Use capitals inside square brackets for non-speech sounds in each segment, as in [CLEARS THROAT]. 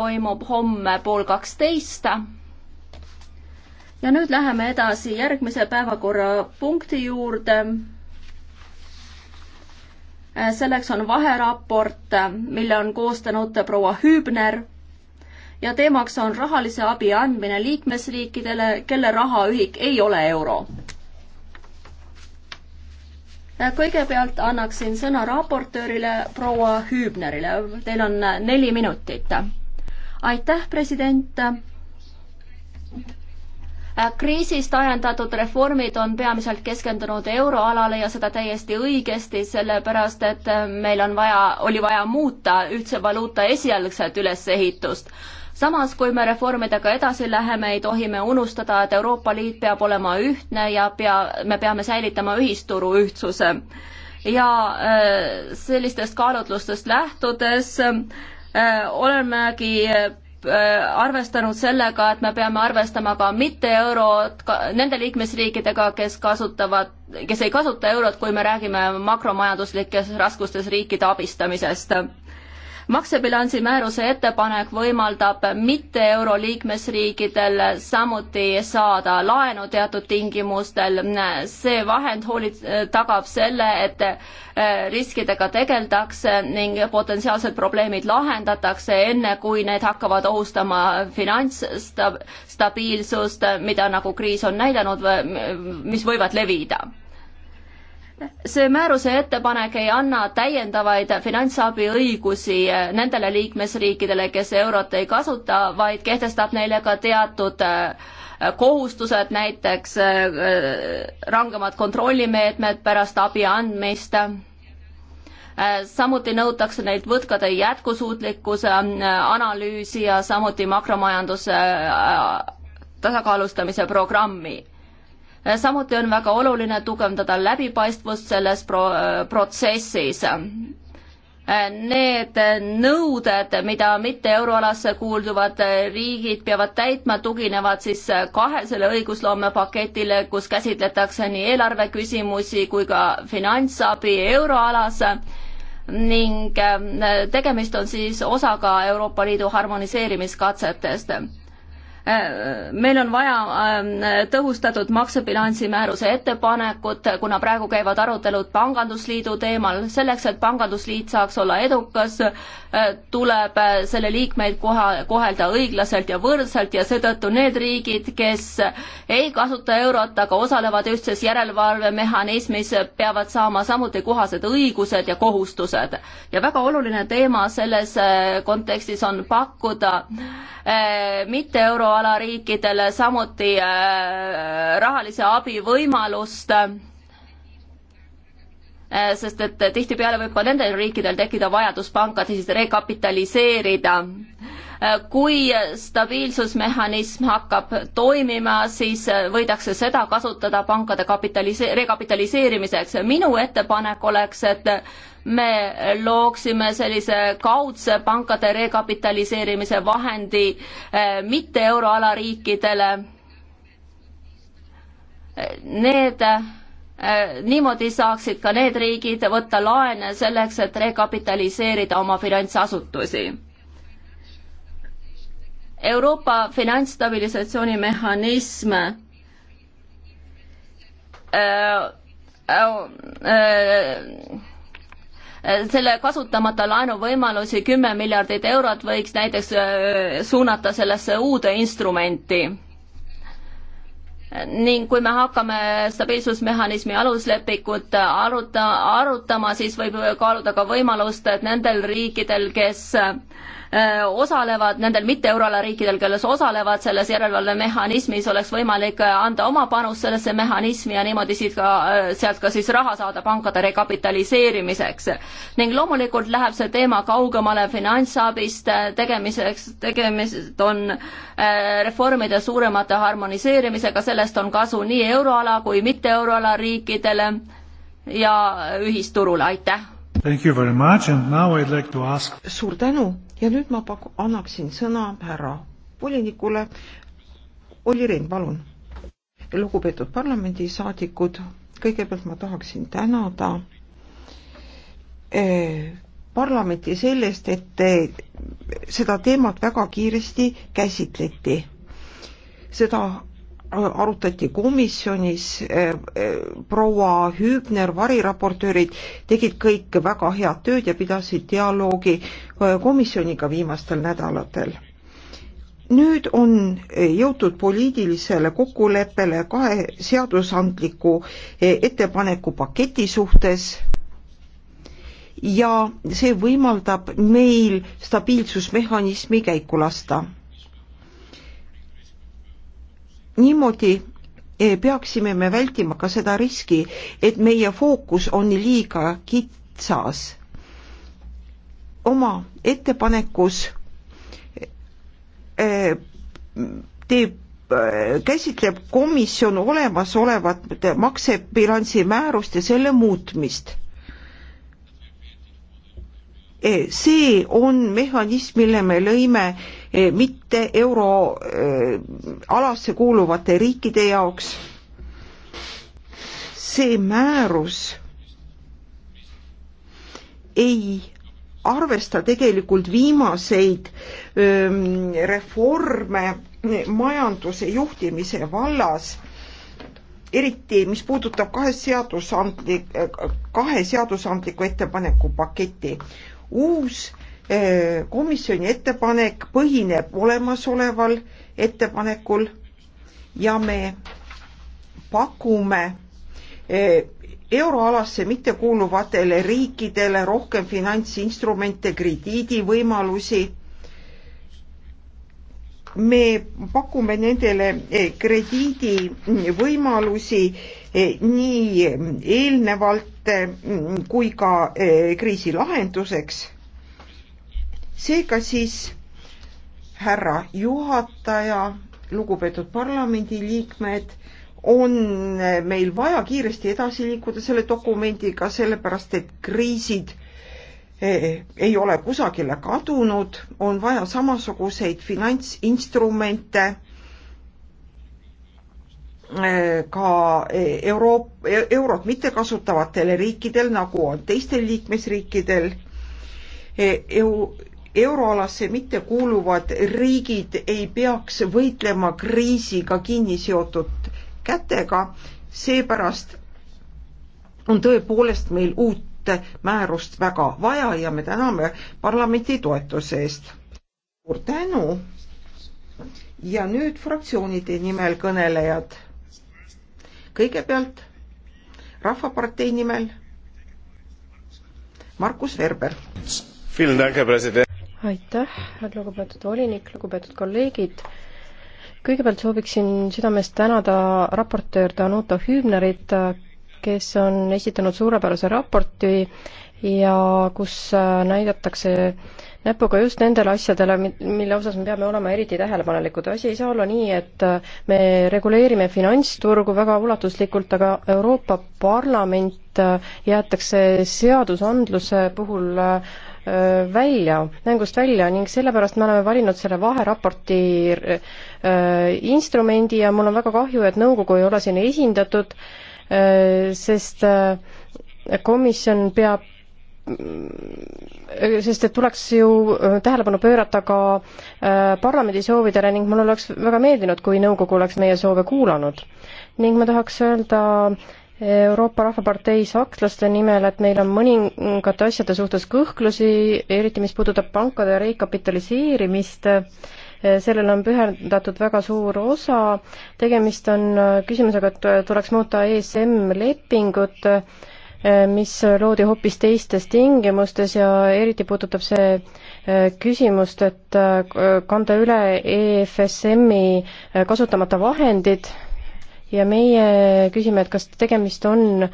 toimub homme pool kaksteist. ja nüüd läheme edasi järgmise päevakorrapunkti juurde. selleks on vaheraport, mille on koostanud proua Hübner ja teemaks on rahalise abi andmine liikmesriikidele, kelle rahaühik ei ole euro. kõigepealt annaksin sõna raportöörile proua Hübnerile, teil on neli minutit aitäh, president kriisist ajendatud reformid on peamiselt keskendunud euroalale ja seda täiesti õigesti, sellepärast et meil on vaja, oli vaja muuta ühtse valuuta esialgset ülesehitust. samas, kui me reformidega edasi läheme, ei tohi me unustada, et Euroopa Liit peab olema ühtne ja pea, me peame säilitama ühisturu ühtsuse. ja äh, sellistest kaalutlustest lähtudes äh, olemegi Äh, arvestanud sellega, et me peame arvestama ka mitte eurot, nende liikmesriikidega, kes kasutavad, kes ei kasuta eurot, kui me räägime makromajanduslikes raskustes riikide abistamisest maksebilansi määruse ettepanek võimaldab mitte euro liikmesriikidel samuti saada laenu teatud tingimustel. see vahend hoolit-, tagab selle, et äh, riskidega tegeldakse ning potentsiaalsed probleemid lahendatakse, enne kui need hakkavad ohustama finantsstabiilsust, mida nagu kriis on näidanud, mis võivad levida see määruse ettepanek ei anna täiendavaid finantsabiõigusi eh, nendele liikmesriikidele, kes eurot ei kasuta, vaid kehtestab neile ka teatud eh, kohustused, näiteks eh, rangemad kontrollimeetmed pärast abi andmist. samuti nõutakse neilt võtkade jätkusuutlikkuse analüüsi ja samuti makromajanduse tasakaalustamise programmi samuti on väga oluline tugevdada läbipaistvust selles pro-, protsessis need nõuded, mida mitte euroalasse kuulduvad riigid peavad täitma, tuginevad siis kahesele õigusloomepaketile, kus käsitletakse nii eelarveküsimusi kui ka finantsabi euroalas ning tegemist on siis osaga Euroopa Liidu harmoniseerimiskatsetest Äh, meil on vaja äh, tõhustatud maksebilansi määruse ettepanekut, kuna praegu käivad arutelud Pangandusliidu teemal. selleks, et Pangandusliit saaks olla edukas, äh, tuleb selle liikmeid koha, kohelda õiglaselt ja võrdselt ja seetõttu need riigid, kes ei kasuta eurot, aga osalevad ühtses järelevalvemehhanismis, peavad saama samuti kohased õigused ja kohustused. ja väga oluline teema selles kontekstis on pakkuda mitte euro euroala riikidele samuti äh, rahalise abi võimalust, äh, sest et tihtipeale võib ka nendel riikidel tekkida vajadus pankade siis rekapitaliseerida. Äh, kui stabiilsusmehhanism hakkab toimima, siis võidakse seda kasutada pankade kapitalise-, rekapitaliseerimiseks. minu ettepanek oleks, et me looksime sellise kaudse pankade rekapitaliseerimise vahendi eh, mitte euroala riikidele. Need, eh, niimoodi saaksid ka need riigid võtta laene selleks, et rekapitaliseerida oma finantsasutusi. Euroopa finantsstabilisatsiooni mehhanism äh, äh, selle kasutamata laenuvõimalusi kümme miljardit eurot võiks näiteks äh, suunata sellesse uude instrumenti ning kui me hakkame stabiilsusmehhanismi aluslepikut aruta, arutama, siis võib kaaluda ka võimalust, et nendel riikidel, kes Äh, osalevad, nendel mitte-euroala riikidel, kes osalevad selles järelevalvemehhanismis, oleks võimalik äh, anda oma panus sellesse mehhanismi ja niimoodi siit ka, äh, sealt ka siis raha saada pankade rekapitaliseerimiseks. ning loomulikult läheb see teema kaugemale finantsabist tegemiseks, tegemist on reformide suuremate harmoniseerimisega, sellest on kasu nii euroala kui mitte-euroala riikidele ja ühisturule, aitäh! Like ask... suur tänu ja nüüd ma paku-, annaksin sõna härra volinikule. Olli Rehn, palun. lugupeetud parlamendisaadikud, kõigepealt ma tahaksin tänada eh, parlamenti sellest, et seda teemat väga kiiresti käsitleti. seda arutati komisjonis, eh, eh, proua Hüübner, variraportöörid tegid kõik väga head tööd ja pidasid dialoogi eh, komisjoniga viimastel nädalatel. nüüd on jõutud poliitilisele kokkuleppele kahe seadusandliku ettepaneku paketi suhtes ja see võimaldab meil stabiilsusmehhanismi käiku lasta niimoodi eh, peaksime me vältima ka seda riski, et meie fookus on liiga kitsas. oma ettepanekus eh, teeb eh, käsitleb komisjon olemasolevat maksebilansi määrust ja selle muutmist. see on mehhanism, mille me lõime Eh, mitte euroalasse eh, kuuluvate riikide jaoks. see määrus ei arvesta tegelikult viimaseid öö, ehm, reforme majanduse juhtimise vallas, eriti mis puudutab kahe seadusandlik, kahe seadusandliku ettepaneku paketti. uus komisjoni ettepanek põhineb olemasoleval ettepanekul ja me pakume euroalasse mittekuuluvatele riikidele rohkem finantsinstrumente, krediidivõimalusi. me pakume nendele krediidivõimalusi nii eelnevalt kui ka kriisi lahenduseks seega siis härra juhataja, lugupeetud parlamendiliikmed, on meil vaja kiiresti edasi liikuda selle dokumendiga, sellepärast et kriisid eh, ei ole kusagile kadunud, on vaja samasuguseid finantsinstrumente eh, ka Euroop-, eurot mittekasutavatele riikidel, nagu on teistel liikmesriikidel eh, EU euroalasse mittekuuluvad riigid ei peaks võitlema kriisiga kinni seotud kätega, seepärast on tõepoolest meil uut määrust väga vaja ja me täname parlamendi toetuse eest. suur tänu. ja nüüd fraktsioonide nimel kõnelejad. kõigepealt Rahvapartei nimel Markus Verber aitäh, lugupeetud volinik, lugupeetud kolleegid. kõigepealt sooviksin südamest tänada raportöör Danuta Hübnerit, kes on esitanud suurepärase raporti ja kus äh, näidatakse näpuga just nendele asjadele, mille osas me peame olema eriti tähelepanelikud. asi ei saa olla nii, et äh, me reguleerime finantsturgu väga ulatuslikult, aga Euroopa Parlament äh, jäetakse seadusandluse puhul välja, mängust välja ning sellepärast me oleme valinud selle vaheraporti instrumendi ja mul on väga kahju, et nõukogu ei ole siin esindatud, sest komisjon peab sest et tuleks ju tähelepanu pöörata ka parlamendi soovidele ning mul oleks väga meeldinud, kui nõukogu oleks meie soove kuulanud. ning ma tahaks öelda Euroopa Rahvapartei sakslaste nimel, et meil on mõningate asjade suhtes kõhklusi, eriti mis puudutab pankade rekapitaliseerimist, sellele on pühendatud väga suur osa, tegemist on küsimusega, et tuleks muuta ESM lepingut, mis loodi hoopis teistes tingimustes ja eriti puudutab see eh, küsimust, et eh, kanda üle EFSM-i eh, kasutamata vahendid ja meie küsime, et kas tegemist on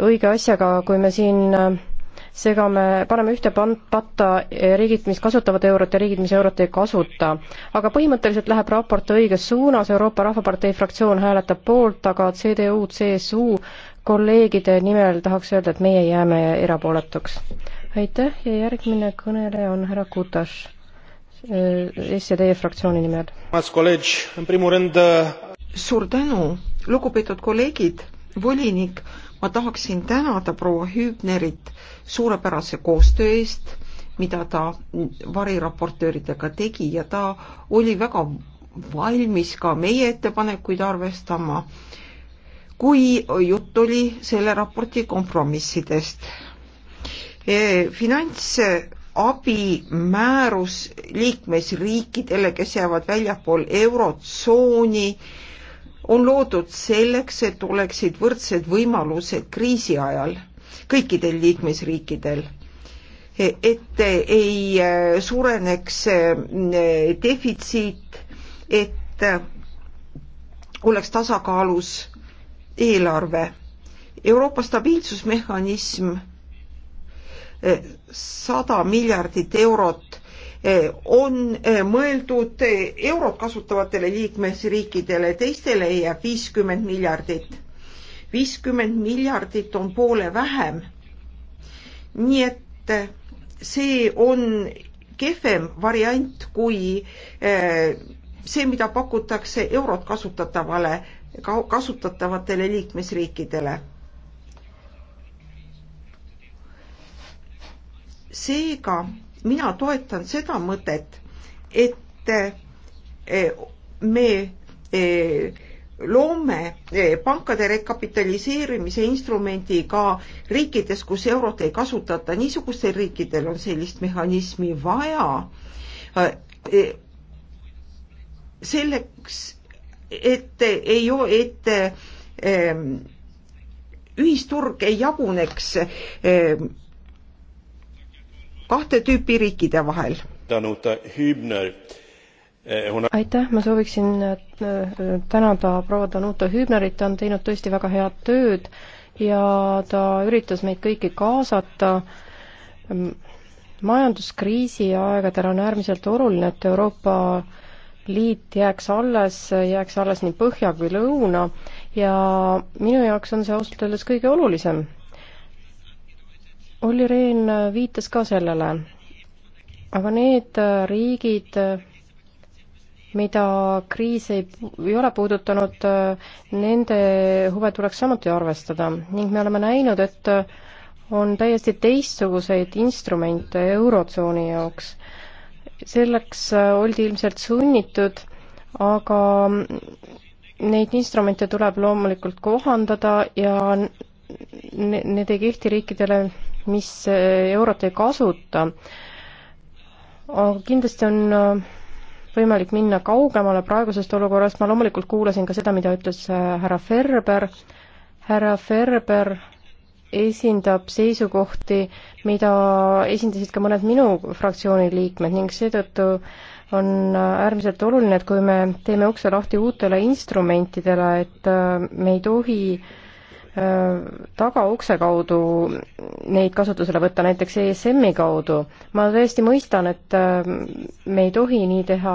õige asjaga, kui me siin äh, segame, paneme ühte patta riigid, mis kasutavad eurot ja riigid, mis eurot ei kasuta. aga põhimõtteliselt läheb raport õiges suunas, Euroopa Rahvapartei fraktsioon hääletab poolt, aga CDU, CSU kolleegide nimel tahaks öelda, et meie jääme erapooletuks. aitäh ja järgmine kõneleja on härra Kutas äh, SED e fraktsiooni nimel. Äh, suur tänu lugupeetud kolleegid, volinik, ma tahaksin tänada proua Hübnerit suurepärase koostöö eest, mida ta variraportööridega tegi ja ta oli väga valmis ka meie ettepanekuid arvestama, kui jutt oli selle raporti kompromissidest. E, finants abimäärus liikmesriikidele, kes jäävad väljapool Eurotsooni, on loodud selleks, et oleksid võrdsed võimalused kriisi ajal kõikidel liikmesriikidel e, et ei e, suureneks e, defitsiit, et oleks tasakaalus eelarve. Euroopa stabiilsusmehhanism sada miljardit eurot Eh, on eh, mõeldud eh, eurot kasutavatele liikmesriikidele, teistele jääb viiskümmend miljardit. viiskümmend miljardit on poole vähem. nii et see on kehvem variant kui see, mida pakutakse eurot kasutatavale, kasutatavatele liikmesriikidele seega mina toetan seda mõtet, et e, me e, loome e, pankade rekapitaliseerimise instrumendi ka riikides, kus eurot ei kasutata, niisugustel riikidel on sellist mehhanismi vaja selleks, et ei, et ühisturg ei jaguneks kahte tüüpi riikide vahel. Eh, aitäh, ma sooviksin eh, tänada proua Danuta Hübnerit, ta on teinud tõesti väga head tööd ja ta üritas meid kõiki kaasata majanduskriisi aegadel on äärmiselt oluline, et Euroopa Liit jääks alles, jääks alles nii põhja kui lõuna ja minu jaoks on see ausalt öeldes kõige olulisem Olli Rehn viitas ka sellele, aga need riigid, mida kriis ei, ei ole puudutanud, nende huve tuleks samuti arvestada ning me oleme näinud, et on täiesti teistsuguseid instrumente Eurotsooni jaoks. selleks oldi ilmselt sunnitud, aga neid instrumente tuleb loomulikult kohandada ja need ei kehti riikidele, mis äh, eurot ei kasuta. aga kindlasti on äh, võimalik minna kaugemale praegusest olukorrast, ma loomulikult kuulasin ka seda, mida ütles äh, härra Ferber, härra Ferber esindab seisukohti, mida esindasid ka mõned minu fraktsiooni liikmed ning seetõttu on äärmiselt oluline, et kui me teeme ukse lahti uutele instrumentidele, et me ei tohi äh, Äh, tagaukse kaudu neid kasutusele võtta, näiteks ESM-i kaudu. ma täiesti mõistan, et äh, me ei tohi nii teha,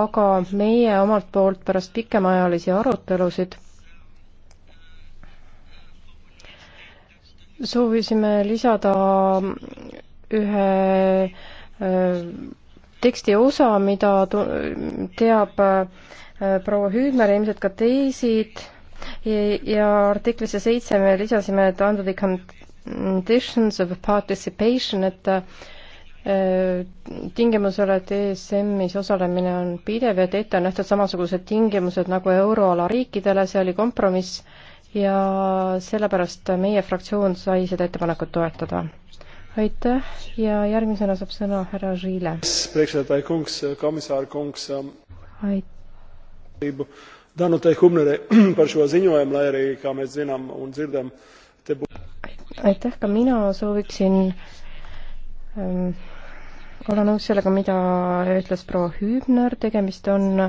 aga meie omalt poolt pärast pikemaajalisi arutelusid soovisime lisada ühe äh, teksti osa, mida teab proua Hüüdmer ja ilmselt ka teised ja artiklisse seitse me lisasime, et under the conditions of participation, et äh, tingimusel, et ESM-is osalemine on pidev ja et ette on nähtud samasugused tingimused nagu euroala riikidele, see oli kompromiss ja sellepärast meie fraktsioon sai seda ettepanekut toetada. aitäh ja järgmisena saab sõna härra Žiile. aitäh Danutei Hubnere [CLEARS THROAT] par šo ziņojumu, lai arī, kā mēs zinām un dzirdam, te būtu. aitäh, ka mina sooviksin um, olla nõus sellega, mida ütles proua Hübner, tegemist on äh,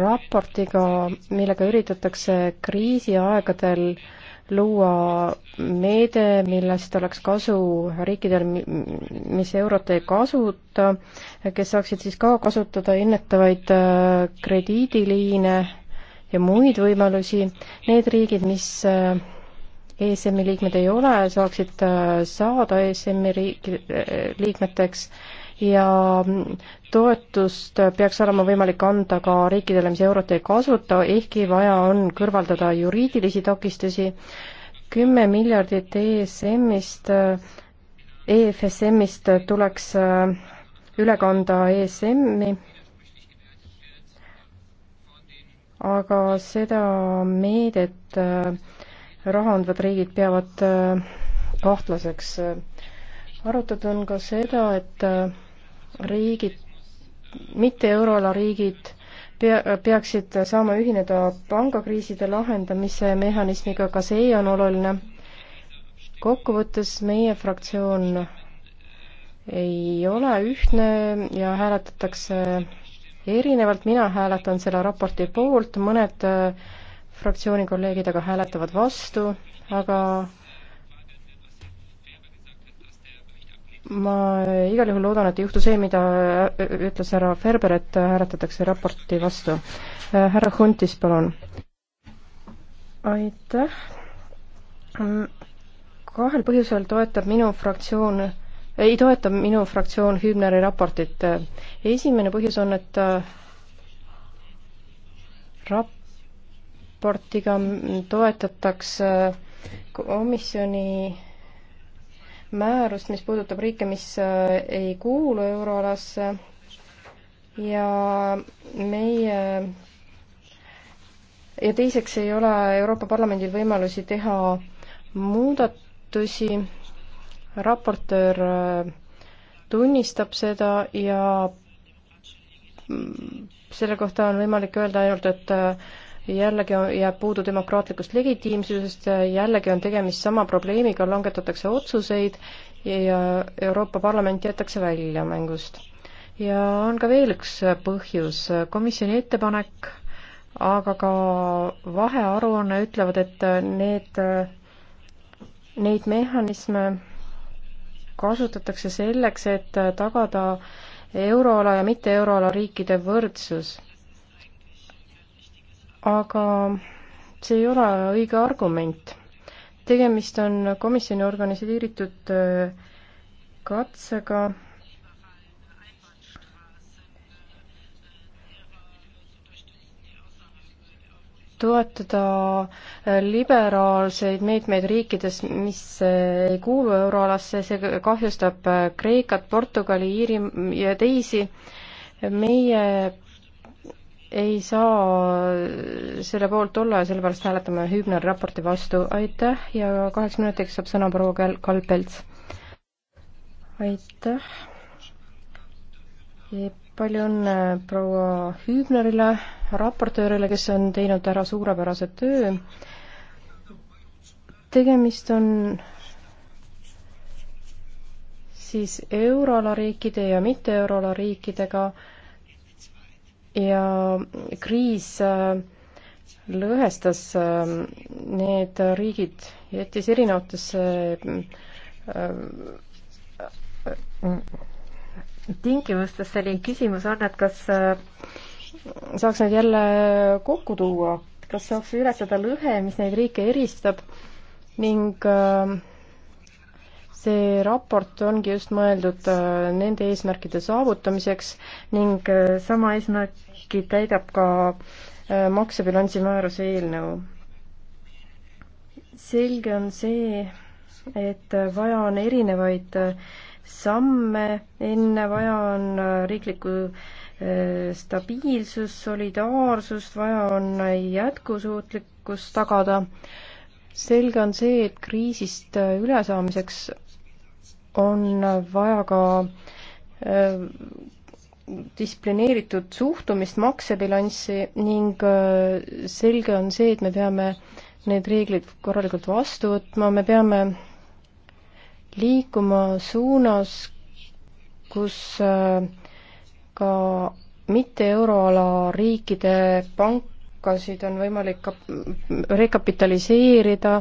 raportiga, millega üritatakse kriisiaegadel uh, luua meede, millest oleks kasu riikidel, mis eurot ei kasuta, kes saaksid siis ka kasutada ennetavaid äh, krediidiliine ja muid võimalusi. Need riigid, mis äh, ESM-i liikmed ei ole, saaksid äh, saada ESM-i riik-, liikmeteks ja toetust peaks olema võimalik anda ka riikidele, mis eurot ei kasuta, ehkki vaja on kõrvaldada juriidilisi takistusi. kümme miljardit ESM-ist, EFSM-ist tuleks äh, üle kanda ESM-i, aga seda meedet äh, raha andvad riigid peavad äh, kahtlaseks. arutatud on ka seda, et riigid, mitte euroala riigid pea, peaksid saama ühineda pangakriiside lahendamise mehhanismiga, ka see on oluline. kokkuvõttes meie fraktsioon ei ole ühtne ja hääletatakse erinevalt, mina hääletan selle raporti poolt, mõned äh, fraktsiooni kolleegid aga hääletavad vastu, aga ma igal juhul loodan, et ei juhtu see, mida ütles härra Ferber, et hääletatakse raporti vastu. härra Huntis, palun. aitäh. Mm, kahel põhjusel toetab minu fraktsioon, ei toeta minu fraktsioon Hübneri raportit. esimene põhjus on, et äh, raportiga toetatakse komisjoni määrust, mis puudutab riike, mis äh, ei kuulu euroalasse ja meie ja teiseks ei ole Euroopa Parlamendil võimalusi teha muudatusi, raportöör äh, tunnistab seda ja mm, selle kohta on võimalik öelda ainult, et äh, jällegi jääb puudu demokraatlikust legitiimsusest, jällegi on tegemist sama probleemiga, langetatakse otsuseid ja Euroopa Parlament jäetakse välja mängust. ja on ka veel üks põhjus, komisjoni ettepanek, aga ka vahearuanne ütlevad, et need, neid mehhanisme kasutatakse selleks, et tagada euroala ja mitte euroala riikide võrdsus aga see ei ole õige argument. tegemist on komisjoni organiseeritud äh, katsega toetada äh, liberaalseid meetmeid riikides, mis äh, ei kuulu euroalasse, see kahjustab Kreekat, Portugali, Iiri ja teisi. meie ei saa selle poolt olla ja sellepärast hääletame Hübneri raporti vastu. aitäh ja kaheks minutiks saab sõna proua Kalpelts. aitäh. palju õnne proua Hübnerile, raportöörile, kes on teinud ära suurepärase töö. tegemist on siis euroala riikide ja mitte euroala riikidega ja kriis äh, lõhestas äh, need riigid, jättis erinevatesse äh, tingimustesse ning küsimus on, et kas saaks need jälle kokku tuua, kas saaks ületada lõhe, mis neid riike eristab ning see raport ongi just mõeldud nende eesmärkide saavutamiseks ning sama eesmärk lünki täidab ka äh, maksebilansi määruse eelnõu. selge on see, et vaja on erinevaid äh, samme, enne vaja on äh, riiklikku stabiilsust, solidaarsust, vaja on jätkusuutlikkust tagada. selge on see, et kriisist ülesaamiseks on vaja ka distsiplineeritud suhtumist maksebilanssi ning äh, selge on see, et me peame need reeglid korralikult vastu võtma, me peame liikuma suunas, kus äh, ka mitte euroala riikide pankasid on võimalik kap-, rekapitaliseerida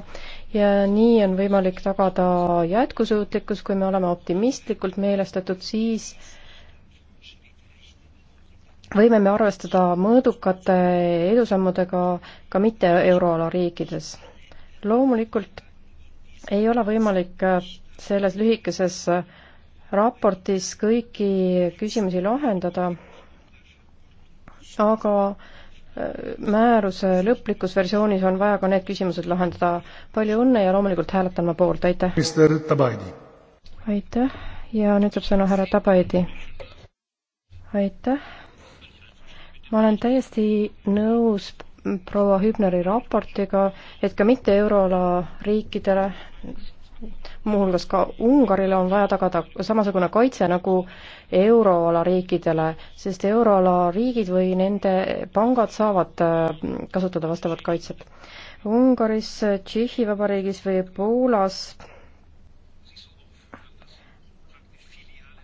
ja nii on võimalik tagada jätkusuutlikkus, kui me oleme optimistlikult meelestatud, siis võime me arvestada mõõdukate edusammudega ka mitte euroala riikides. loomulikult ei ole võimalik selles lühikeses raportis kõiki küsimusi lahendada, aga äh, määruse lõplikus versioonis on vaja ka need küsimused lahendada. palju õnne ja loomulikult hääletan ma poolt, aitäh! aitäh ja nüüd saab sõna härra Tabaidi. aitäh! ma olen täiesti nõus proua Hübneri raportiga, et ka mitte euroala riikidele, muuhulgas ka Ungarile on vaja tagada samasugune kaitse nagu euroala riikidele, sest euroala riigid või nende pangad saavad äh, kasutada vastavat kaitset. Ungaris, Tšehhi Vabariigis või Poolas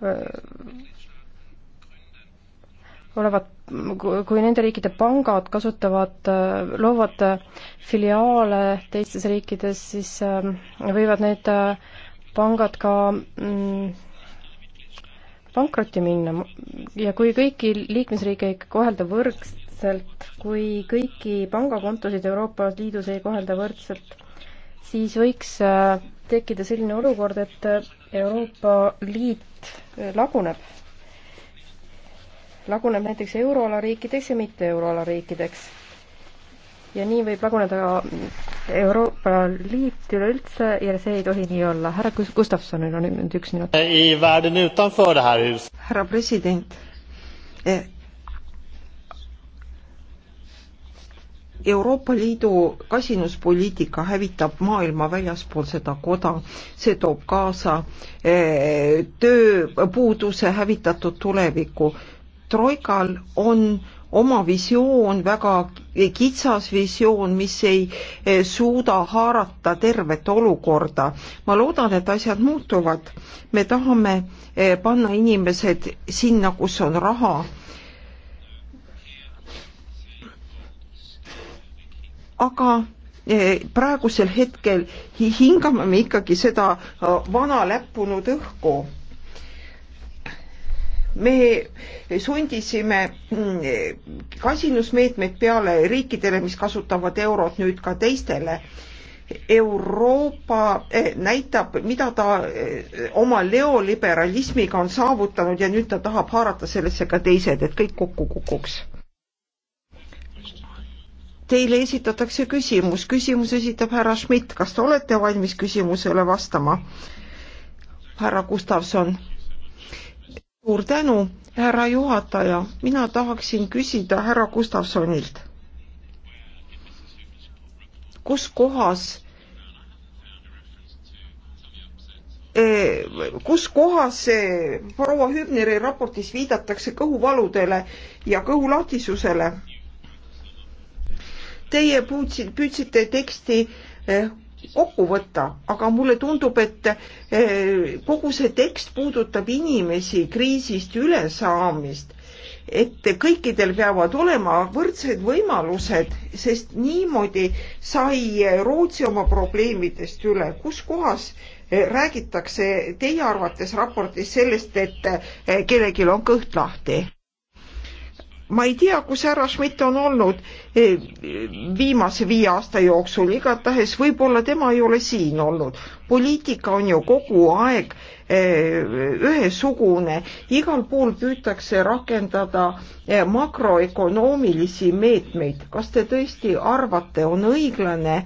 äh, olevat kui nende riikide pangad kasutavad, loovad filiaale teistes riikides, siis äh, võivad need äh, pangad ka mm, pankrotti minna ja kui kõiki liikmesriike ei kohelda võrdselt, kui kõiki pangakontosid Euroopa Liidus ei kohelda võrdselt, siis võiks äh, tekkida selline olukord, et Euroopa Liit laguneb laguneb näiteks euroala riikideks ja mitte euroala riikideks. ja nii võib laguneda Euroopa Liit üleüldse ja see ei tohi nii olla. härra Gustavsonil on nüüd üks minut. härra president eh, Euroopa Liidu kasinuspoliitika hävitab maailma väljaspool seda koda, see toob kaasa eh, tööpuuduse hävitatud tuleviku troikal on oma visioon, väga kitsas visioon, mis ei eh, suuda haarata tervet olukorda. ma loodan, et asjad muutuvad. me tahame eh, panna inimesed sinna, kus on raha. aga eh, praegusel hetkel hingame me ikkagi seda vana läppunud õhku me sundisime mm, kasinusmeetmed peale riikidele, mis kasutavad eurot, nüüd ka teistele. Euroopa eh, näitab, mida ta eh, oma neoliberalismiga on saavutanud ja nüüd ta tahab haarata sellesse ka teised, et kõik kokku kukuks. Teile esitatakse küsimus, küsimus esitab härra Schmidt, kas te olete valmis küsimusele vastama? härra Gustavson suur tänu, härra juhataja, mina tahaksin küsida härra Gustavsonilt. kus kohas eh, kus kohas proua Hübneri raportis viidatakse kõhuvaludele ja kõhulahtisusele? Teie püüdsite teksti eh, kokku võtta, aga mulle tundub, et eh, kogu see tekst puudutab inimesi kriisist ülesaamist, et kõikidel peavad olema võrdsed võimalused, sest niimoodi sai Rootsi oma probleemidest üle, kus kohas eh, räägitakse teie arvates raportis sellest, et eh, kellelgi on kõht lahti? ma ei tea, kus härra Schmidt on olnud eh, viimase viie aasta jooksul, igatahes võib-olla tema ei ole siin olnud. poliitika on ju kogu aeg eh, ühesugune, igal pool püütakse rakendada eh, makroökonoomilisi meetmeid. kas te tõesti arvate, on õiglane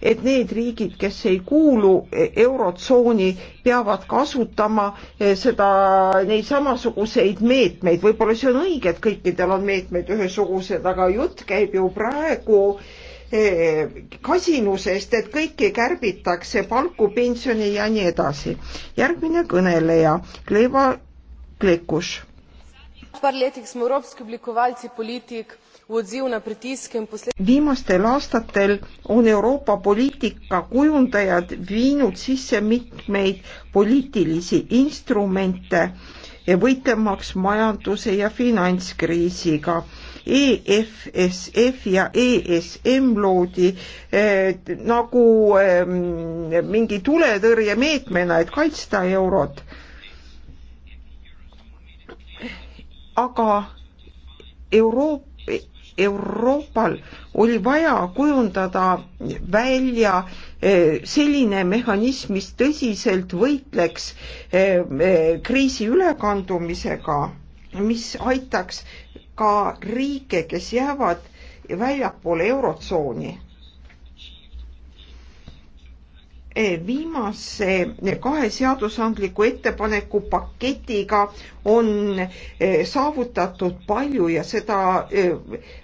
et need riigid, kes ei kuulu e-, Eurotsooni, peavad kasutama e, seda, neid samasuguseid meetmeid, võib-olla see on õige, et kõikidel on meetmed ühesugused, aga jutt käib ju praegu e, kasinusest, et kõiki kärbitakse, palku, pensioni ja nii edasi. järgmine kõneleja, Kleva Klekuš. Par letih smo evropski oblikovalci politik viimastel aastatel on Euroopa poliitika kujundajad viinud sisse mitmeid poliitilisi instrumente, eh, võitlemaks majanduse ja finantskriisiga. EFSF ja ESM loodi eh, nagu eh, mingi tuletõrjemeetmena, et kaitsta eurot. aga Euroopa Euroopal oli vaja kujundada välja eh, selline mehhanism, mis tõsiselt võitleks eh, eh, kriisi ülekandumisega, mis aitaks ka riike, kes jäävad väljapoole Eurotsooni viimase kahe seadusandliku ettepaneku paketiga on eh, saavutatud palju ja seda eh,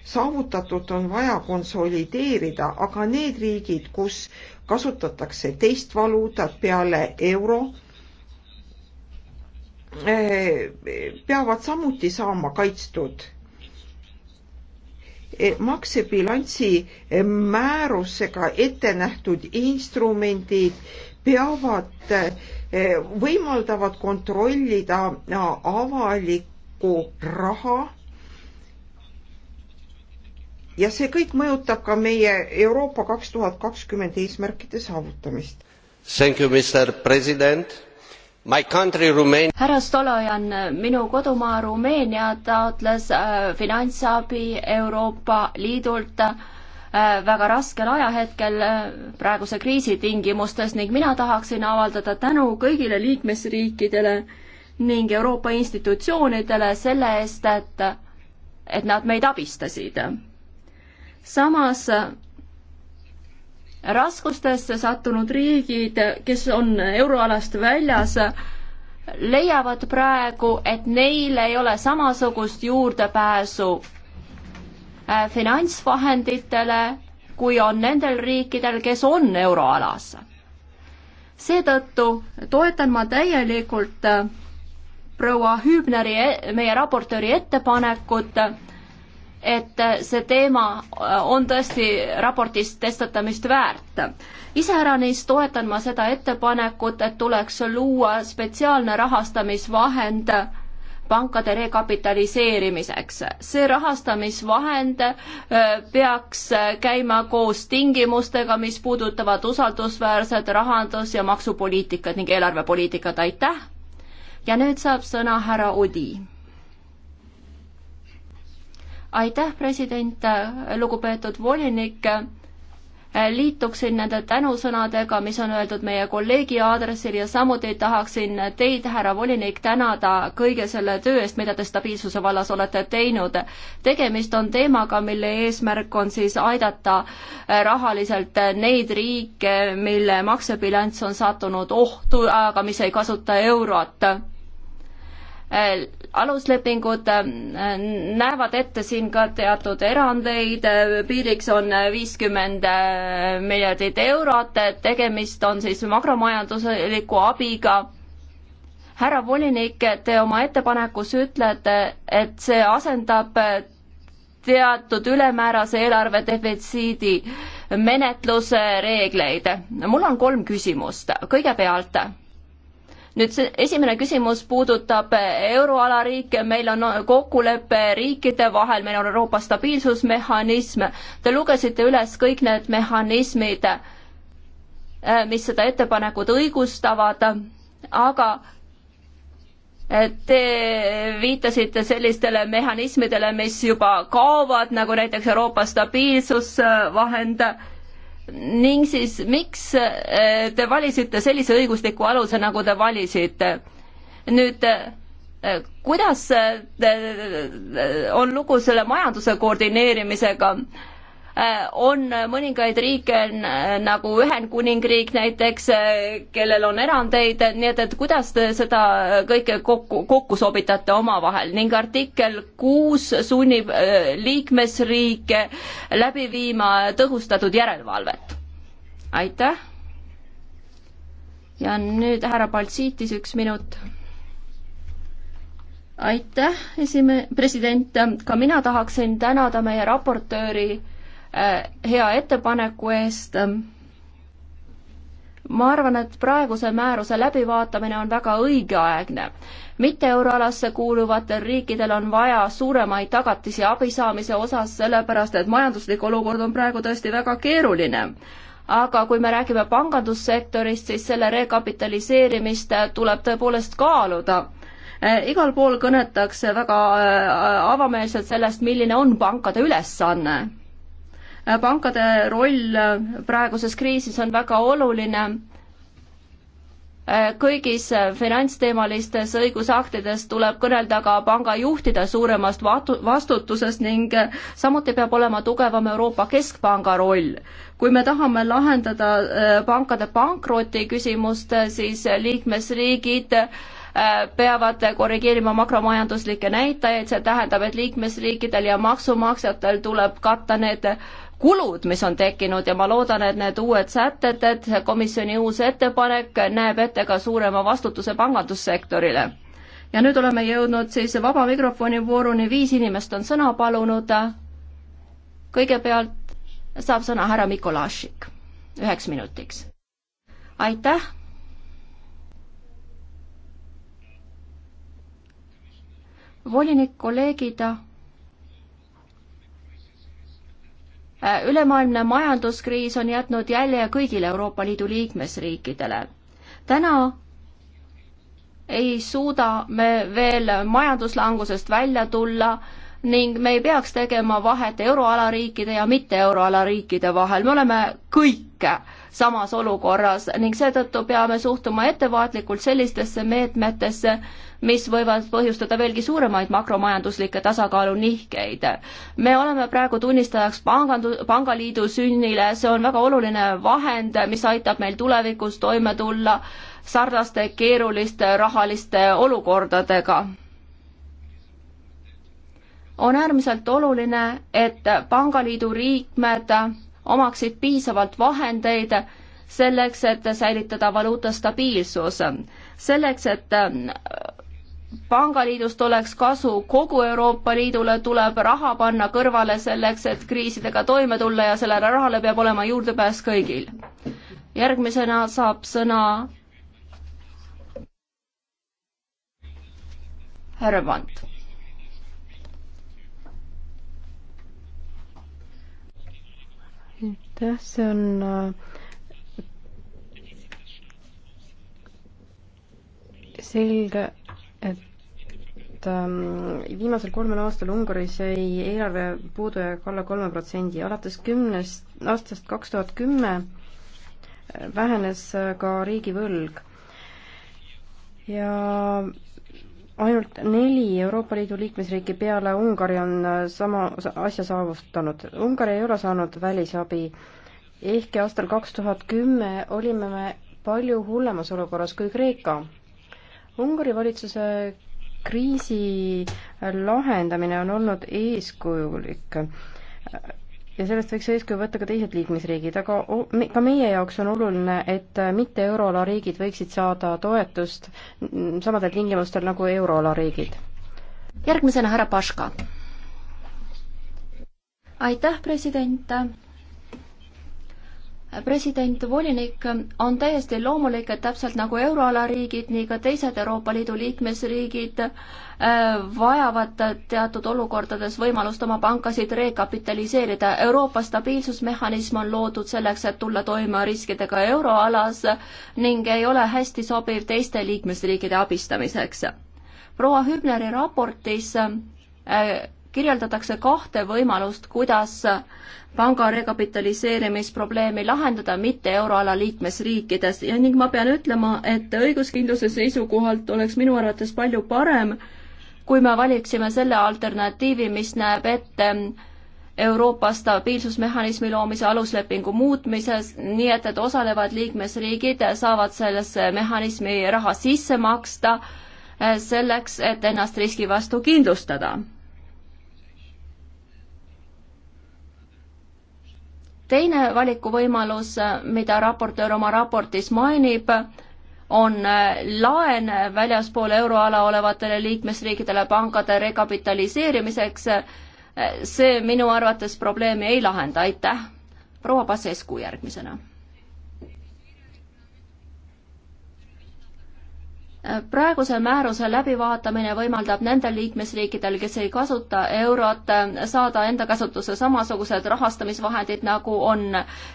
saavutatud on vaja konsolideerida, aga need riigid, kus kasutatakse teist valuutat peale euro, eh, peavad samuti saama kaitstud Eh, maksebilansi eh, määrusega ette nähtud instrumendid peavad, eh, võimaldavad kontrollida avalikku raha. ja see kõik mõjutab ka meie Euroopa kaks tuhat kakskümmend eesmärkide saavutamist. Thank you, Mr President härra Stolojan, minu kodumaa Rumeenia taotles äh, finantsabi Euroopa Liidult äh, väga raskel ajahetkel äh, praeguse kriisi tingimustes ning mina tahaksin avaldada tänu kõigile liikmesriikidele ning Euroopa institutsioonidele selle eest, et, et nad meid abistasid. samas raskustesse sattunud riigid, kes on euroalast väljas, leiavad praegu, et neil ei ole samasugust juurdepääsu äh, finantsvahenditele, kui on nendel riikidel, kes on euroalas. seetõttu toetan ma täielikult äh, proua Hübneri, e-, meie raportööri ettepanekut et see teema äh, on tõesti raportis tõstatamist väärt. iseäranis toetan ma seda ettepanekut, et tuleks luua spetsiaalne rahastamisvahend pankade rekapitaliseerimiseks. see rahastamisvahend äh, peaks käima koos tingimustega, mis puudutavad usaldusväärset rahandus- ja maksupoliitikat ning eelarvepoliitikat, aitäh! ja nüüd saab sõna härra Odi aitäh, president, lugupeetud volinik. liituksin nende tänusõnadega, mis on öeldud meie kolleegi aadressil ja samuti tahaksin teid, härra volinik, tänada kõige selle töö eest, mida te stabiilsuse vallas olete teinud. tegemist on teemaga, mille eesmärk on siis aidata rahaliselt neid riike, mille maksebilanss on sattunud ohtu, aga mis ei kasuta eurot aluslepingud äh, näevad ette siin ka teatud erandeid, äh, piiriks on viiskümmend äh, miljardit eurot, tegemist on siis makromajandusliku abiga. härra volinik, te oma ettepanekus ütlete, et see asendab teatud ülemäärase eelarve defitsiidi menetluse reegleid. mul on kolm küsimust, kõigepealt nüüd see esimene küsimus puudutab eh, euroala riike, meil on kokkulepe riikide vahel, meil on Euroopa stabiilsusmehhanism, te lugesite üles kõik need mehhanismid, eh, mis seda ettepanekut õigustavad, aga eh, Te viitasite sellistele mehhanismidele, mis juba kaovad, nagu näiteks Euroopa stabiilsusvahend äh, ning siis miks eh, te valisite sellise õigusliku aluse, nagu te valisite? nüüd eh, kuidas eh, on lugu selle majanduse koordineerimisega? Äh, on mõningaid riike nagu Ühendkuningriik näiteks, äh, kellel on erandeid, nii et, et kuidas te seda kõike kokku, kokku sobitate omavahel ning artikkel kuus sunnib äh, liikmesriike läbi viima tõhustatud järelevalvet. aitäh. ja nüüd härra Baltsiitis üks minut aitäh, esime-, president, ka mina tahaksin tänada meie raportööri Äh, hea ettepaneku eest. ma arvan, et praeguse määruse läbivaatamine on väga õigeaegne. mitte euroalasse kuuluvatel riikidel on vaja suuremaid tagatisi abi saamise osas, sellepärast et majanduslik olukord on praegu tõesti väga keeruline aga kui me räägime pangandussektorist, siis selle rekapitaliseerimist tuleb tõepoolest kaaluda äh, igal pool kõnetakse väga äh, avameelselt sellest, milline on pankade ülesanne pankade roll praeguses kriisis on väga oluline kõigis finantsteemalistes õigusaktides tuleb kõnelda ka pangajuhtide suuremast vastutusest ning samuti peab olema tugevam Euroopa Keskpanga roll. kui me tahame lahendada äh, pankade pankroti küsimust, äh, siis liikmesriigid äh, peavad korrigeerima makromajanduslikke näitajaid, see tähendab, et liikmesriikidel ja maksumaksjatel tuleb katta need kulud, mis on tekkinud ja ma loodan, et need uued sätted, et komisjoni uus ettepanek näeb ette ka suurema vastutuse pangandussektorile. ja nüüd oleme jõudnud siis vaba mikrofoni vooruni, viis inimest on sõna palunud. kõigepealt saab sõna härra Mikolašik üheks minutiks. aitäh. volinik, kolleegid Äh, ülemaailmne majanduskriis on jätnud jälje kõigile Euroopa Liidu liikmesriikidele. täna ei suuda me veel majanduslangusest välja tulla ning me ei peaks tegema vahet euroala riikide ja mitte euroala riikide vahel, me oleme kõik samas olukorras ning seetõttu peame suhtuma ettevaatlikult sellistesse meetmetesse, mis võivad põhjustada veelgi suuremaid makromajanduslikke tasakaalu nihkeid. me oleme praegu tunnistajaks pangandu-, pangaliidu sünnile, see on väga oluline vahend, mis aitab meil tulevikus toime tulla sarnaste keeruliste rahaliste olukordadega on äärmiselt oluline, et pangaliidu liikmed omaksid piisavalt vahendeid selleks, et säilitada valuuta stabiilsus. selleks, et äh, pangaliidust oleks kasu kogu Euroopa Liidule, tuleb raha panna kõrvale selleks, et kriisidega toime tulla ja sellele rahale peab olema juurdepääs kõigil. järgmisena saab sõna härra Pant aitäh, see on äh, selge, et ähm, viimasel kolmel aastal Ungaris jäi eelarve puudujääk alla kolme protsendi, alates kümnest, aastast kaks tuhat kümme äh, vähenes äh, ka riigivõlg ja ainult neli Euroopa Liidu liikmesriiki peale Ungari on äh, sama asja saavutanud. Ungari ei ole saanud välisabi, ehkki aastal kaks tuhat kümme olime me palju hullemas olukorras kui Kreeka. Ungari valitsuse kriisi lahendamine on olnud eeskujulik ja sellest võiks eeskuju võtta ka teised liikmesriigid, aga ka meie jaoks on oluline, et äh, mitte euroala riigid võiksid saada toetust samadel tingimustel nagu euroala riigid. järgmisena härra Paška. aitäh, president president volinik, on täiesti loomulik, et täpselt nagu euroala riigid, nii ka teised Euroopa Liidu liikmesriigid äh, vajavad teatud olukordades võimalust oma pankasid rekapitaliseerida. Euroopa stabiilsusmehhanism on loodud selleks, et tulla toime riskidega euroalas ning ei ole hästi sobiv teiste liikmesriikide abistamiseks. proua Hübneri raportis äh, kirjeldatakse kahte võimalust, kuidas panga rekapitaliseerimisprobleemi lahendada mitte euroala liikmesriikides ja ning ma pean ütlema, et õiguskindluse seisukohalt oleks minu arvates palju parem, kui me valiksime selle alternatiivi, mis näeb ette Euroopa stabiilsusmehhanismi loomise aluslepingu muutmises, nii et, et osalevad liikmesriigid saavad sellesse mehhanismi raha sisse maksta eh, selleks, et ennast riski vastu kindlustada teine valikuvõimalus, mida raportöör oma raportis mainib, on äh, laen väljaspool euroala olevatele liikmesriikidele pankade rekapitaliseerimiseks. Äh, see minu arvates probleemi ei lahenda, aitäh. proua Pasescu järgmisena praeguse määruse läbivaatamine võimaldab nendel liikmesriikidel, kes ei kasuta eurot, saada enda käsutusse samasugused rahastamisvahendid, nagu on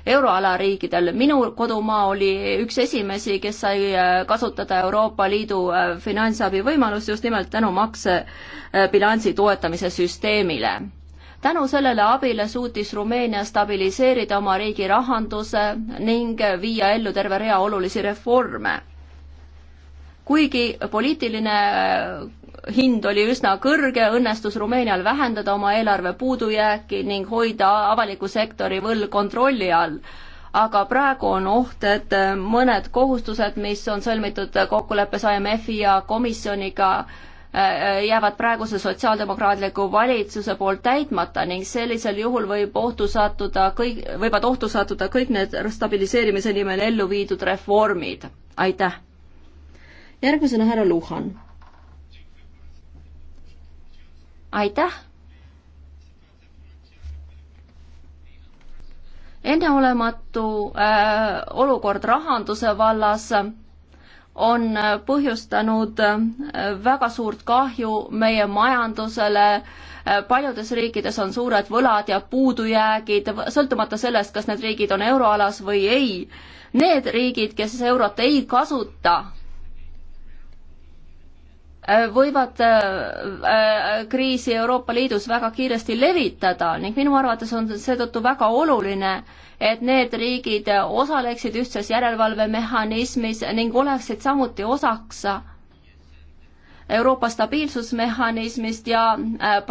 euroala riikidel. minu kodumaa oli üks esimesi, kes sai kasutada Euroopa Liidu finantsabi võimalust just nimelt tänu maksebilansi toetamise süsteemile. tänu sellele abile suutis Rumeenia stabiliseerida oma riigi rahanduse ning viia ellu terve rea olulisi reforme kuigi poliitiline hind oli üsna kõrge, õnnestus Rumeenial vähendada oma eelarve puudujääki ning hoida avaliku sektori võlg kontrolli all. aga praegu on oht, et mõned kohustused, mis on sõlmitud kokkuleppes IMF-i ja komisjoniga, jäävad praeguse sotsiaaldemokraatliku valitsuse poolt täitmata ning sellisel juhul võib ohtu sattuda kõik, võivad ohtu sattuda kõik need stabiliseerimise nimel ellu viidud reformid. aitäh! järgmisena härra Luhan. aitäh. enneolematu äh, olukord rahanduse vallas on äh, põhjustanud äh, väga suurt kahju meie majandusele, äh, paljudes riikides on suured võlad ja puudujäägid, sõltumata sellest, kas need riigid on euroalas või ei. Need riigid, kes eurot ei kasuta, Äh, võivad äh, äh, kriisi Euroopa Liidus väga kiiresti levitada ning minu arvates on seetõttu väga oluline, et need riigid osaleksid ühtses järelevalvemehhanismis ning oleksid samuti osaks Euroopa stabiilsusmehhanismist ja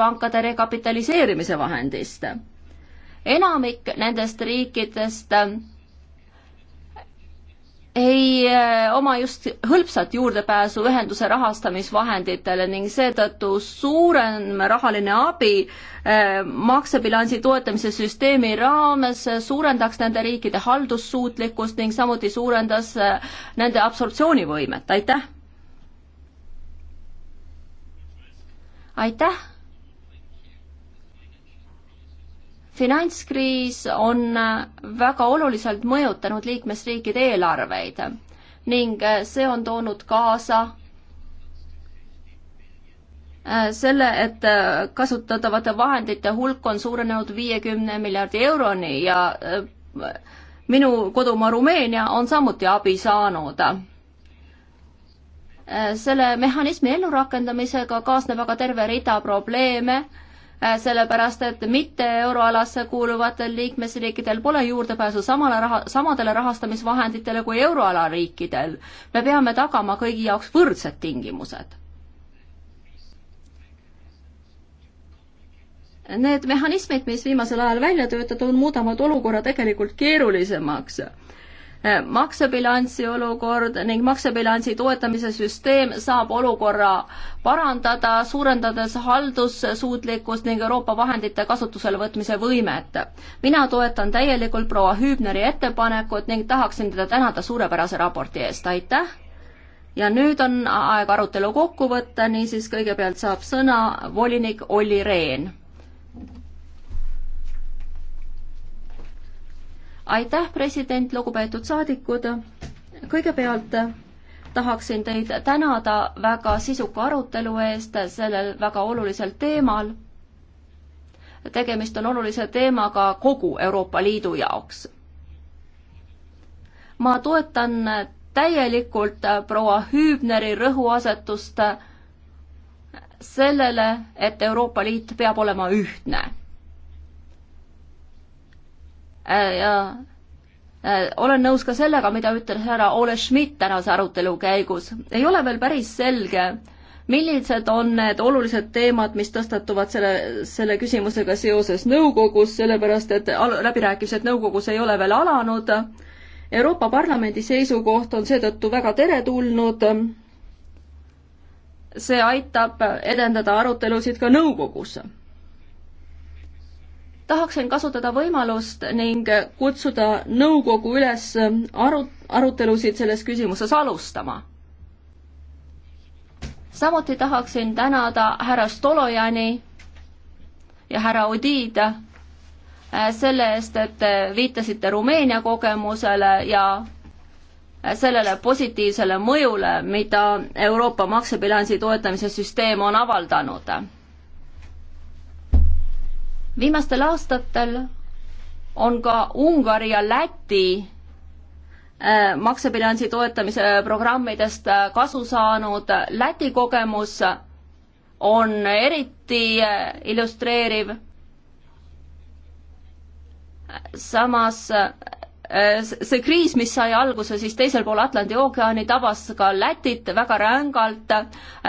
pankade rekapitaliseerimise vahendist. enamik nendest riikidest ei eh, oma just hõlpsat juurdepääsu ühenduse rahastamisvahenditele ning seetõttu suurem rahaline abi eh, maksebilansi toetamise süsteemi raames suurendaks nende riikide haldussuutlikkust ning samuti suurendas eh, nende absorptsioonivõimet, aitäh! aitäh! finantskriis on väga oluliselt mõjutanud liikmesriikide eelarveid ning see on toonud kaasa äh, selle, et äh, kasutatavate vahendite hulk on suurenenud viiekümne miljardi euroni ja äh, minu kodumaa Rumeenia on samuti abi saanud selle mehhanismi ellurakendamisega kaasneb aga terve rida probleeme Äh, sellepärast et mitte euroalasse kuuluvatel liikmesriikidel pole juurdepääsu samale raha, samadele rahastamisvahenditele kui euroala riikidel. me peame tagama kõigi jaoks võrdsed tingimused. Need mehhanismid, mis viimasel ajal välja töötatud, muudavad olukorra tegelikult keerulisemaks Äh, maksebilansi olukord ning maksebilansi toetamise süsteem saab olukorra parandada, suurendades haldussuutlikkust ning Euroopa vahendite kasutusele võtmise võimet. mina toetan täielikult proua Hüübneri ettepanekut ning tahaksin teda tänada suurepärase raporti eest, aitäh! ja nüüd on aeg arutelu kokku võtta, niisiis kõigepealt saab sõna volinik Olli Rehn. aitäh, president, lugupeetud saadikud. kõigepealt tahaksin teid tänada väga sisuka arutelu eest sellel väga olulisel teemal. tegemist on olulise teemaga kogu Euroopa Liidu jaoks. ma toetan täielikult proua Hüübneri rõhuasetust sellele, et Euroopa Liit peab olema ühtne Äh, ja äh, olen nõus ka sellega, mida ütles härra Ole Schmidt tänase arutelu käigus. ei ole veel päris selge, millised on need olulised teemad, mis tõstatuvad selle, selle küsimusega seoses nõukogus, sellepärast et läbirääkimised nõukogus ei ole veel alanud. Euroopa Parlamendi seisukoht on seetõttu väga teretulnud. see aitab edendada arutelusid ka nõukogus tahaksin kasutada võimalust ning kutsuda nõukogu üles aru, arutelusid selles küsimuses alustama. samuti tahaksin tänada härra Stolojani ja härra Odid äh, selle eest, et te viitasite Rumeenia kogemusele ja äh, sellele positiivsele mõjule, mida Euroopa maksebilansi toetamise süsteem on avaldanud viimastel aastatel on ka Ungari ja Läti äh, maksebilansi toetamise äh, programmidest äh, kasu saanud. Läti kogemus on eriti illustreeriv. samas Äh, see kriis, mis sai alguse siis teisel pool Atlandi ookeani, tabas ka Lätit väga rängalt.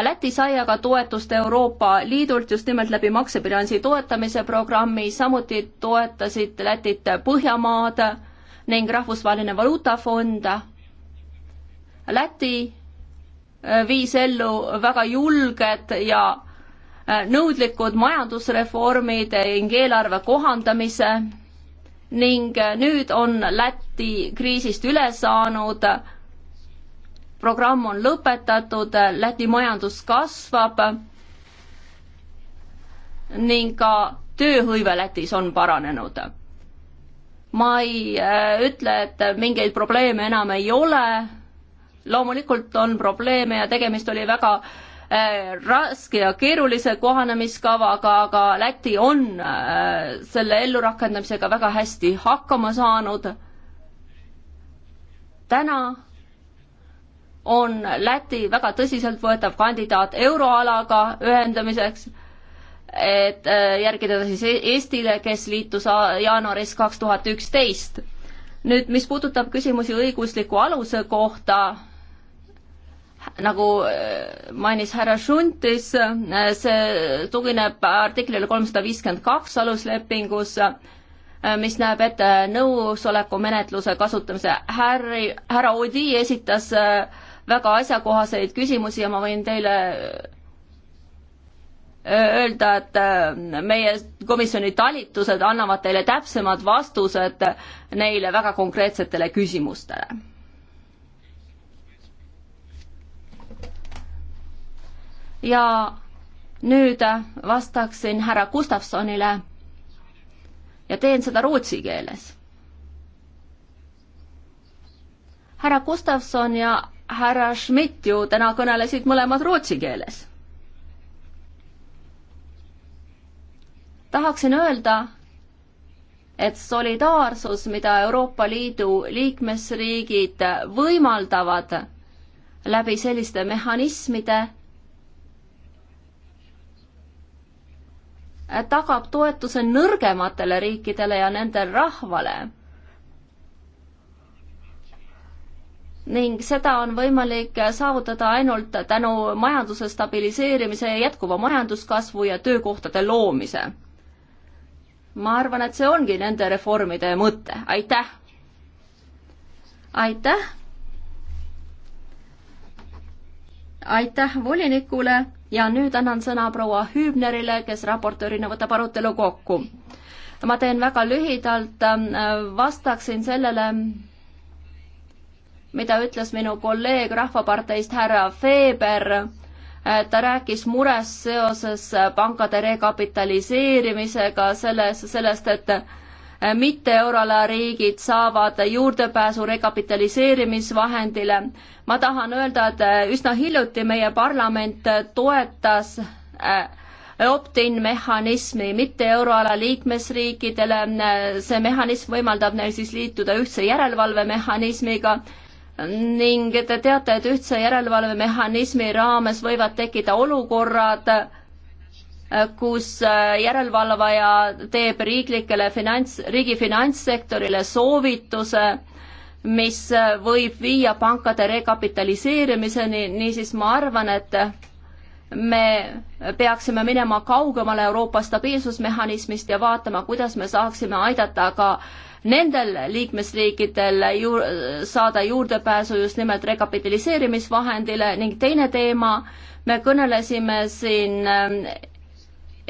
Läti sai aga toetust Euroopa Liidult just nimelt läbi maksebilansi toetamise programmi, samuti toetasid Lätit Põhjamaad ning Rahvusvaheline Valuutafond. Läti äh, viis ellu väga julged ja äh, nõudlikud majandusreformid ning eelarve kohandamise ning äh, nüüd on Läti kriisist üle saanud. programm on lõpetatud, Läti majandus kasvab ning ka tööhõive Lätis on paranenud. ma ei äh, ütle, et mingeid probleeme enam ei ole, loomulikult on probleeme ja tegemist oli väga äh, Äh, raske ja keerulise kohanemiskavaga, aga Läti on äh, selle ellurakendamisega väga hästi hakkama saanud. täna on Läti väga tõsiseltvõetav kandidaat euroalaga ühendamiseks, et äh, järgida siis e-, Eestile, kes liitus jaanuaris kaks tuhat üksteist. nüüd, mis puudutab küsimusi õigusliku aluse kohta, nagu äh, mainis härra Šuntis, äh, see tugineb artiklile kolmsada viiskümmend kaks aluslepingus, äh, mis näeb ette nõusoleku menetluse kasutamise. härri, härra Odi esitas väga asjakohaseid küsimusi ja ma võin teile öelda, et meie komisjoni talitused annavad teile täpsemad vastused neile väga konkreetsetele küsimustele ja nüüd vastaksin härra Gustavsonile ja teen seda rootsi keeles. härra Gustavson ja härra Schmidt ju täna kõnelesid mõlemad rootsi keeles. tahaksin öelda, et solidaarsus, mida Euroopa Liidu liikmesriigid võimaldavad läbi selliste mehhanismide, tagab toetuse nõrgematele riikidele ja nende rahvale. ning seda on võimalik saavutada ainult tänu majanduse stabiliseerimise, jätkuva majanduskasvu ja töökohtade loomise. ma arvan, et see ongi nende reformide mõte, aitäh! aitäh! aitäh volinikule ja nüüd annan sõna proua Hübnerile, kes raportöörina võtab arutelu kokku. ma teen väga lühidalt, vastaksin sellele, mida ütles minu kolleeg Rahvaparteist härra Feber. ta rääkis murest seoses pankade rekapitaliseerimisega, selles, sellest, et mitte euroala riigid saavad juurdepääsu rekapitaliseerimisvahendile. ma tahan öelda, et äh, üsna hiljuti meie parlament toetas äh, opt-in mehhanismi mitte euroala liikmesriikidele, see mehhanism võimaldab neil siis liituda ühtse järelevalvemehhanismiga ning te teate, et ühtse järelevalvemehhanismi raames võivad tekkida olukorrad, Äh, kus äh, järelevalvaja teeb riiklikele finants, riigi finantssektorile soovituse, mis äh, võib viia pankade rekapitaliseerimiseni, niisiis ma arvan, et me peaksime minema kaugemale Euroopa stabiilsusmehhanismist ja vaatama, kuidas me saaksime aidata ka nendel liikmesriikidel ju-, saada juurdepääsu just nimelt rekapitaliseerimisvahendile ning teine teema, me kõnelesime siin ähm,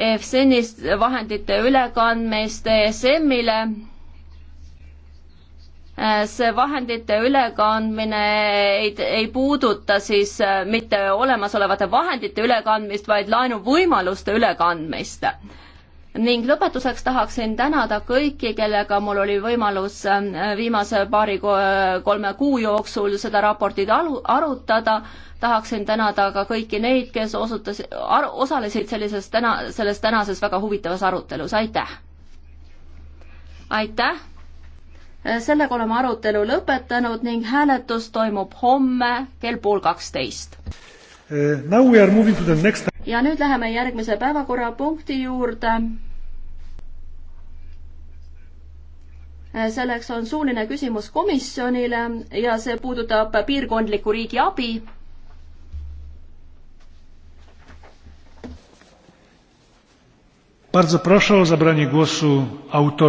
EFSN-ist vahendite ülekandmist ESM-ile. Äh, see vahendite ülekandmine ei, ei puuduta siis äh, mitte olemasolevate vahendite ülekandmist, vaid laenuvõimaluste ülekandmist ning lõpetuseks tahaksin tänada kõiki, kellega mul oli võimalus ähm, viimase paari-kolme kuu jooksul seda raportit alu-, arutada. tahaksin tänada ka kõiki neid, kes osutas, osalesid sellises täna, selles tänases väga huvitavas arutelus, aitäh! aitäh! sellega oleme arutelu lõpetanud ning hääletus toimub homme kell pool kaksteist. Eh, now we are moving to the next ja nüüd läheme järgmise päevakorrapunkti juurde. selleks on suuline küsimus komisjonile ja see puudutab piirkondlikku riigiabi. Bardzo proszę o zabranie głosu autor